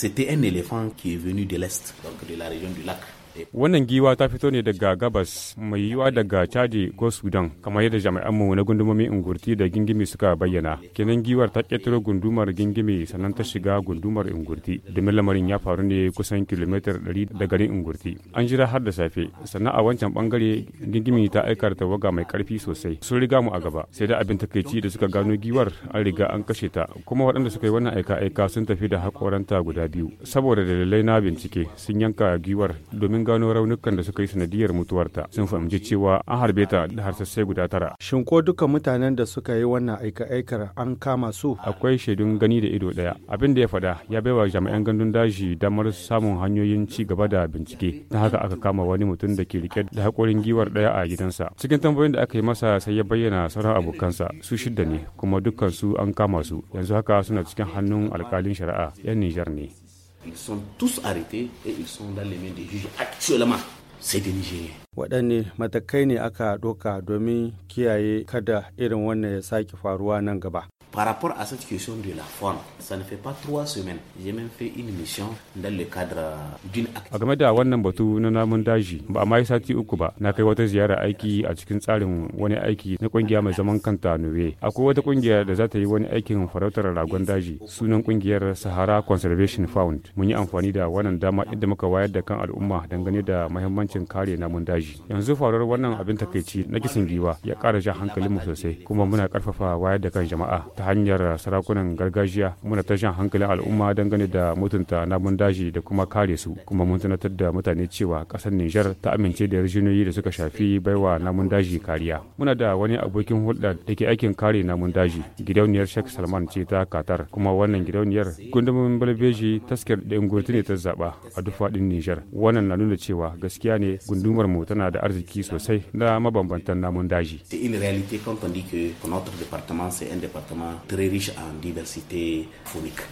C'était un éléphant qui est venu de l'Est, donc de la région du lac. Wannan giwa ta fito ne daga gabas mai yiwuwa daga Chadi ko Sudan kamar yadda mu na gundumomin Ingurti da Gingimi suka bayyana. Kenan giwar ta ƙetare gundumar Gingimi sannan ta shiga gundumar Ingurti domin lamarin ya faru ne kusan kilomita 100 da garin Ingurti. An jira har da safe sannan a wancan bangare Gingimi ta aikar waga mai karfi sosai. Sun riga mu a gaba sai da abin takaici da suka gano giwar an riga an kashe ta kuma waɗanda suka yi wannan aika-aika sun tafi da haƙoranta guda biyu saboda dalilai na bincike sun yanka giwar domin gano raunukan da suka yi sanadiyar mutuwarta sun fahimci cewa an harbe ta da harsassai guda tara. Shin ko duka mutanen da suka yi wannan aika-aikar an kama su? Akwai shaidun gani da ido ɗaya. Abin da ya fada ya baiwa jami'an gandun daji damar samun hanyoyin ci gaba da bincike. Ta haka aka kama wani mutum da ke rike da hakorin giwar ɗaya a gidansa. Cikin tambayoyin da aka yi masa sai ya bayyana sauran abokansa su shidda ne kuma dukkan su an kama su yanzu haka suna cikin hannun alkalin shari'a 'yan Nijar ne. Ils sont tous arrêtés et ils sont dans les mains des juges actuellement. Sai des Nigériens. Waɗanne matakai ne aka ɗauka domin kiyaye kada irin wannan ya sake faruwa nan gaba? Par rapport à cette question de la forme, ça ne fait pas trois semaines. J'ai même fait une mission dans le cadre d'une A game da wannan batu na namun daji ba a sati uku ba na kai wata ziyara aiki a cikin tsarin wani aiki na kungiya mai zaman kanta Nuwe. Akwai wata kungiya da za ta yi wani aikin farautar ragon daji sunan kungiyar Sahara Conservation Fund. Mun yi amfani da wannan dama inda muka wayar da kan al'umma dangane da mahimmancin kare namun daji. Yanzu farar wannan abin takaici na kisan giwa ya ƙara ja hankalinmu sosai kuma muna ƙarfafa wayar da kan jama'a. ta hanyar sarakunan gargajiya muna ta shan hankalin al'umma dangane da mutunta namun daji da kuma kare su kuma mun tunatar da mutane cewa kasar Nijar ta amince da yarjejeniyoyi da suka shafi baiwa namun daji kariya. Muna da wani abokin hulɗa da ke aikin kare namun daji gidauniyar Sheikh Salman ce ta Qatar kuma wannan gidauniyar gundumin Balbeji taskar ɗin gwamnati ne ta zaba a duk faɗin Nijar. Wannan na nuna cewa gaskiya ne gundumar mu tana da arziki sosai na mabambantan namun daji. C'est une réalité dit que notre département c'est un département très riche en diversité phonique.